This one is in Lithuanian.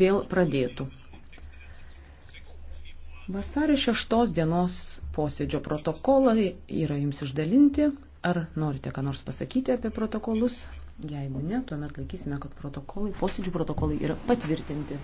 vėl pradėtų. Vasario 6 dienos posėdžio protokolai yra jums išdalinti. Ar norite ką nors pasakyti apie protokolus? Jeigu ne, tuomet laikysime, kad protokolai, posėdžių protokolai yra patvirtinti.